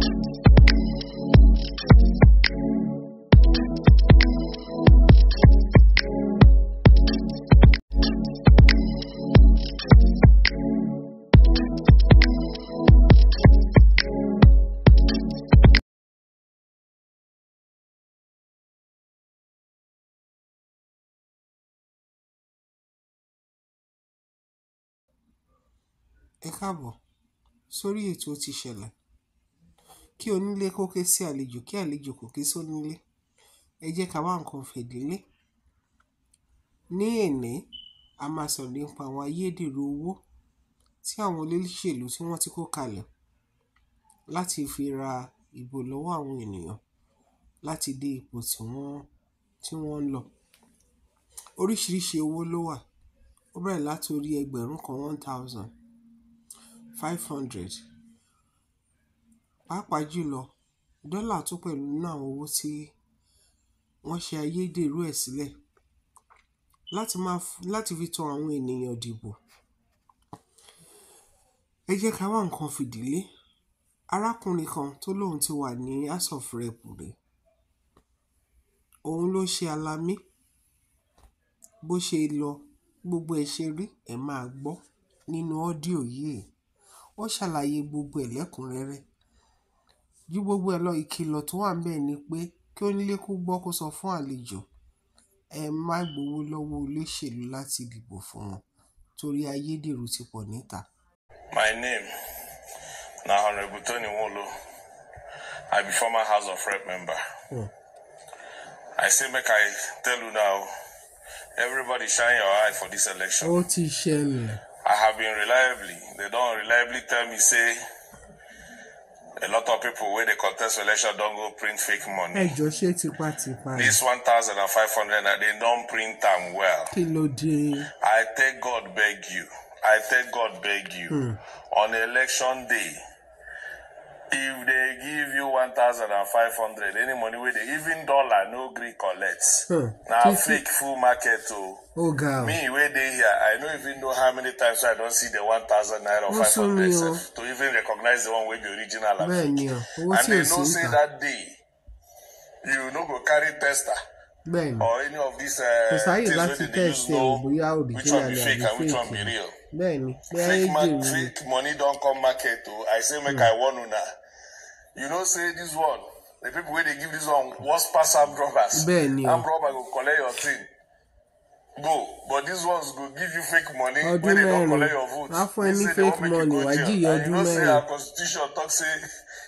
Ẹ káàbọ̀ sórí ètò Ó ti ṣẹlẹ̀ kí onílé kó ké sí àlejò kí àlejò kó ké sónílé. Ẹ jẹ́ ká wá nǹkan fìdílé. Ní èní, a máa sọ̀rọ̀ nípa àwọn ayédèrú owó tí àwọn olóṣèlú tí wọ́n ti kó kalẹ̀ láti fi ra ìbò lọ́wọ́ àwọn ènìyàn láti dé ipò tí wọ́n tí wọ́n ń lọ. Oríṣiríṣi owó ló wà. Ó bẹ̀rẹ̀ láti orí ẹgbẹ̀rún kan one thousand, five hundred Pàápàá jùlọ, dọ́là tún pẹ̀lú nínú àwọn owó tí wọ́n ṣe ayédèrú ẹ̀ sílẹ̀ láti máa f- láti fi to àwọn ènìyàn dìbò. Ẹ jẹ́ ká wá nǹkan fìdílé. Arákùnrin kan tó lóun ti wà ní House of Rep rí, òun ló ṣe alamí. Bó ṣe lọ, gbogbo ẹ̀ ṣe rí, ẹ máa gbọ́ nínú ọ́díò yìí. Ó ṣàlàyé gbogbo ẹ̀ lẹ́kùnrẹ́rẹ́ ju gbogbo ẹ̀ lọ ìkìlọ̀ tó wà ńbẹ̀ ni pé kí onílé gbọ́ kó sọ fún àlejò ẹ má gbowó lọ́wọ́ olóṣèlú láti dìbò fún wọn torí ayédèrú ti pọ̀ níta. My name na Honourable Tony Nwolo. I be former House of Rep member. Mm. I say make I tell you now, everybody shine your eye for this election. Ó ti ṣẹlẹ̀. I have been reliably, they don reliably tell me say a lot of people wey dey contest election don't go print fake money. ẹ jọ ṣé tipátipá. this one thousand and five hundred naira they don't print them well. kí i thank god beg you i thank god beg you hmm. on election day if they give you one thousand and five hundred any money wey dey even dollar no gree collect Now na fake full market o oh. oh, God. me where they here i don't even know how many times i don't see the one thousand naira or five hundred to even recognize the one with the original and fake and they know say that day you no go carry tester Bẹ́ẹ̀ni, or any of these uh, things wey dey use know which one be fake and which one be real bẹ́ẹ̀ni fake man fake money don come market o i say make mm. i warn una you know say this one the people wey dey give this one worse pass am robbers bẹ́ẹ̀ni o am robber go collect your thing go but these ones go give you fake money wey they don collect your vote they say they wan make you go jail and you know say our constitution talk say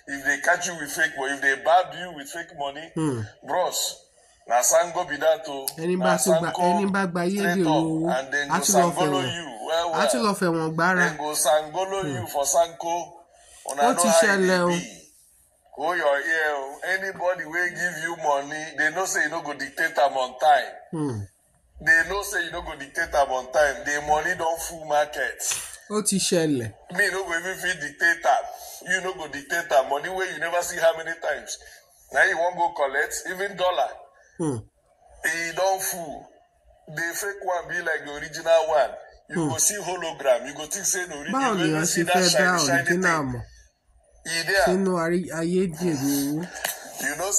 if they catch you with fake money if they barb you with fake money hmm. bros na sango be that o na sango straight up and then go sangolo you a ti lọ fẹ̀wọ̀n gbára hmm. ó ti ṣẹlẹ̀ o. hold your ear anybody wey give you money they know say you no go dictate am on time. Hmm. they know say you no go dictate am on time the money don full market. ó ti ṣẹlẹ̀. me no go even fit dictate am you no go dictate am money wey you never see how many times na you wan go collect even dollar. Hmm. e don full the fake one be like the original one you go see hologram you go think say no really báwo lèèyàn ṣe fẹ́ dá original mọ̀ sínú ayédèrú owó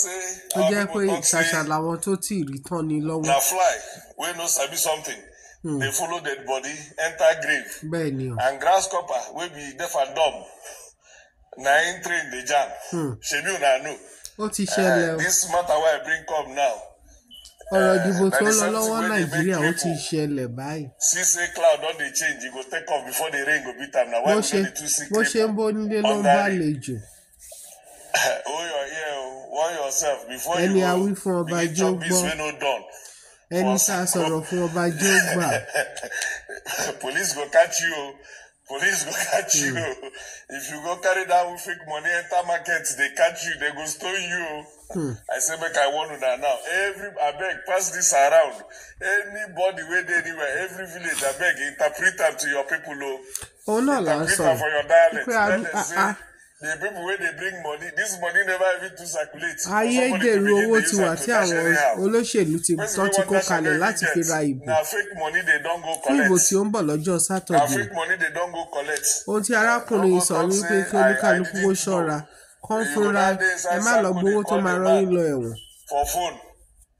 tó jẹ́ pé ṣàṣà làwọn tó say. rí tán ni lọ́wọ́. na fly wey no sabi something hmm. dey follow dead body enter grave bẹ́ẹ̀ ni o and grasshopper wey be deaf and dumb na im train dey jam ṣebi hmm. una know. ó ti ṣẹlẹ̀ eh, this matter wey i bring come now ọ̀rọ̀ ìdìbò tó lọ lọ́wọ́ nàìjíríà ó ti ṣẹlẹ̀ báyìí. ṣíṣe cloud change e go take off before the rain go beat am na why we dey too see cripple. bó ṣe ń bó nílé ló ń bá lè jò. hold your ear o warn yourself before you go begin chop beans wey no done. ẹni tá a sọ̀rọ̀ fún ọba jẹ́ gbà. police go catch you oh police go catch hmm. you if you go carry that fake money enter market they catch you they go stone you mm. i say make i want una now every beg pass this around anybody wey anywhere every village abeg interpret am to your people Oh, oh no, náà là interpret am for your dialect the people wey dey bring money this money never even do circulate. ayédèrú owó ti wà tí àwọn olóṣèlú ti tán ti kó kalẹ̀ láti fi ra ìbò fún ìbò tí ó ń bọ̀ lọ́jọ́ sátọ̀dẹ̀. ohun tí arákùnrin sọ ni pé kí olúkálukú kó ṣọ́ra kán fúnra ẹ má lọ gbowó tó máa rán lọ ẹ̀wọ̀n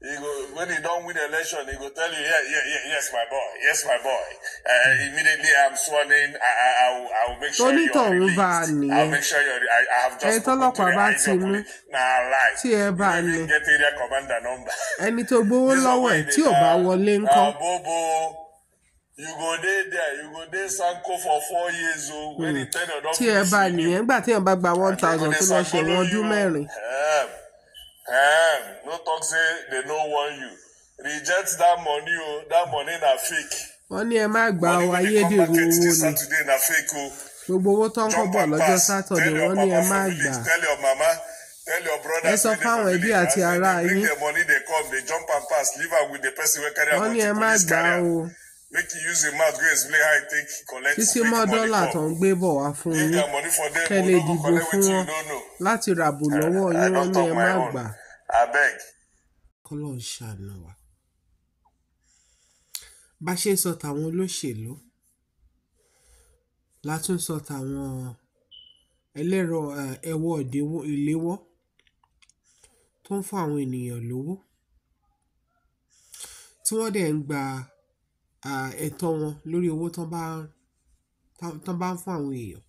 he go when he don't win election, he go tell you, yeah, yeah, yeah, yes, my boy, yes, my boy. Uh, immediately I'm sworn in. I, I, I, will, I will make sure you're released. I'll make sure you're. I, I have just spoken to the eyes police. Nah, lie. You don't even get area commander number. ẹni tó gbowó lọ́wọ́ ẹ̀ tí ò bá wọlé ńkọ́. Ah, you go there, there you go there, sanko for four years oh. When he hmm. o. tí ẹ bá nìyẹn gbà tí ẹ bá by one thousand tó lọ ṣe wọn oh, ọdún mẹ́rin. Eh, no talk say they no want you. Reject that money o, oh, that money na fake. Wọ́n ní ẹ má gba ọ ayédèrú owó ni. Oh. Gbogbo owó tó ń kọ́ bọ̀ lọ́jọ́ Sátọ̀dé wọ́n ní ẹ má gbà. Ẹ sọ fáwọn ẹbí àti ará yín. Wọ́n ní ẹ má gbà o make you use your mouth go explain how you take collect títí mọ́ dọ́là tó ń gbé bọ̀ wá fún yín tẹ́lẹ̀ oh, dìbò fún wọn láti ràbò eh, lọ́wọ́ yín wọ́n ní ẹ má gbà. kọ́lọ́n ṣàánú wa bá ṣe ń sọ tàwọn olóṣèlú látún sọ tàwọn ẹlẹ́rọ eh, ẹ̀wọ́ ìléwọ́ tó ń fún àwọn ènìyàn lówó tí wọ́n dẹ̀ ń gba ẹ̀tọ́ wọn lórí owó tán bá tán bá ń fún àwọn èèyàn.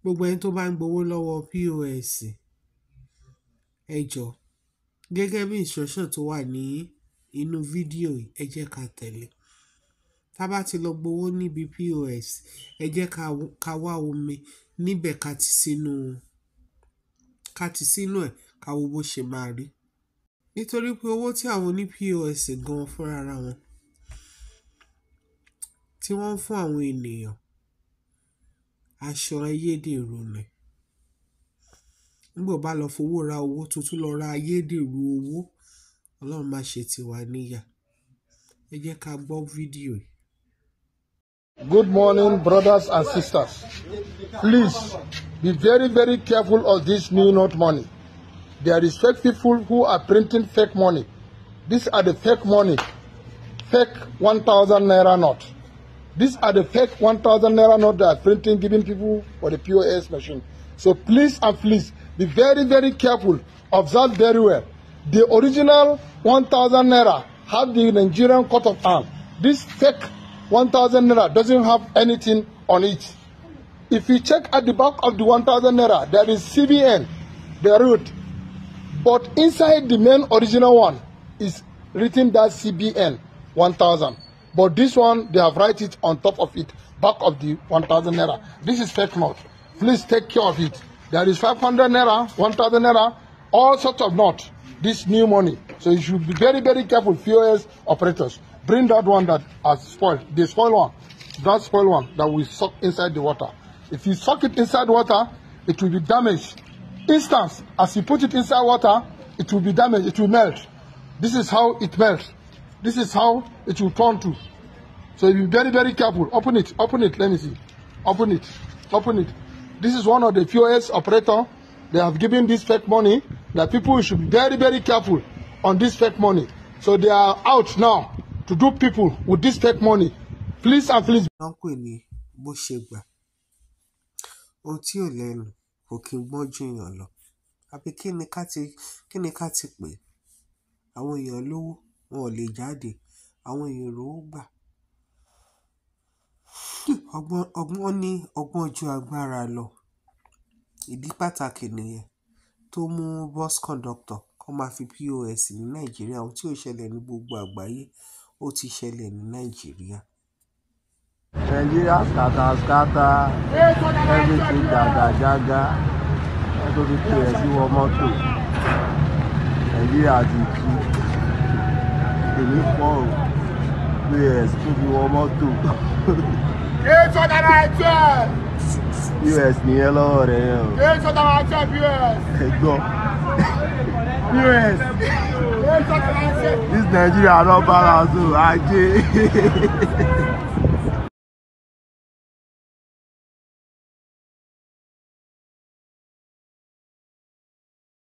Gbogbo ẹni tó bá ń gbowó lọ́wọ́ POS ẹ jọ gẹ́gẹ́ bí instruction tó wà ní inú fídíò yìí ẹ jẹ́ ká tẹ̀lé. Tá bá ti lọ gbowó níbi POS ẹ ká wá omi níbẹ̀ ká ti sínú ẹ̀ ká wo bó ṣe máa rí nítorí pé owó tí àwọn oní POS gan fúnra ra wọn tí wọ́n ń fún àwọn ènìyàn aṣọ ayédèrú ni nígbà bá lọ fowó ra owó tuntun lọ ra ayédèrú owó ọlọ́run má ṣe tiwa níyà ẹ jẹ́ ká gbọ́ fídíò yìí. Good morning, brothers and sisters. Please be very, very careful of this new note money. There is fake people who are printing fake money. These are the fake money, fake 1,000 naira note. These are the fake 1,000 naira note that are printing, giving people for the POS machine. So please and please be very, very careful. Observe very well. The original 1,000 naira have the Nigerian coat of arms. This fake 1,000 naira doesn't have anything on it. If you check at the back of the 1,000 naira, there is CBN, the route, But inside the main original one is written that CBN 1000. But this one, they have write it on top of it, back of the 1000 Naira. This is fake note. Please take care of it. There is 500 Naira, 1000 Naira, all sorts of note. This new money. So you should be very, very careful, POS operators. Bring that one that has spoiled, the spoiled one, that spoiled one that will suck inside the water. If you suck it inside water, it will be damaged instance, as you put it inside water, it will be damaged, it will melt. This is how it melts. This is how it will turn to. So be very, very careful. Open it, open it, let me see. Open it, open it. This is one of the POS operator. They have given this fake money that people should be very, very careful on this fake money. So they are out now to do people with this fake money. Please and please. Wọ́n pè ní bó ṣe gbà, ohun tí kò kí ń gbọ́n ju èèyàn lọ àbí kí ni ká ti ni ká ti pè é àwọn èèyàn lówó wọn ò lè jáde àwọn èèyàn rówó gbà ọgbọ́n ní ọgbọ́n ju agbára lọ ìdí pàtàkì nìyẹn tó mú bus conductor kọ́ máa fi pos ní nàìjíríà ohun tí ò ṣẹlẹ̀ ní gbogbo àgbáyé ó ti ṣẹlẹ̀ ní nàìjíríà Nigeria scatter scatter everything jagajaga ẹgbẹ́ fi pè ẹ́ sí wọ mọ́tò Nigeria ti tú èmi pọ̀ o pé ẹ̀ tó fi wọ mọ́tò. eight hundred and twelve. US nìyẹn lọ́wọ́ rẹ̀ yẹn o. eight hundred and twelve US. ẹ gbọ́ US. this Nigeria no balance o ajé.